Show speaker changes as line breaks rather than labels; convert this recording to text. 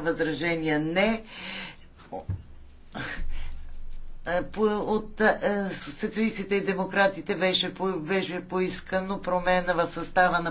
Възражения не. От е, социалистите и демократите беше, беше поискано промена
в състава на